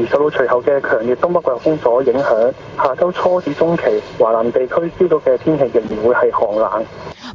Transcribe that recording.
而受到隨後嘅強烈東北季風所影響，下周初至中期，華南地區知道嘅天氣仍然會係寒冷。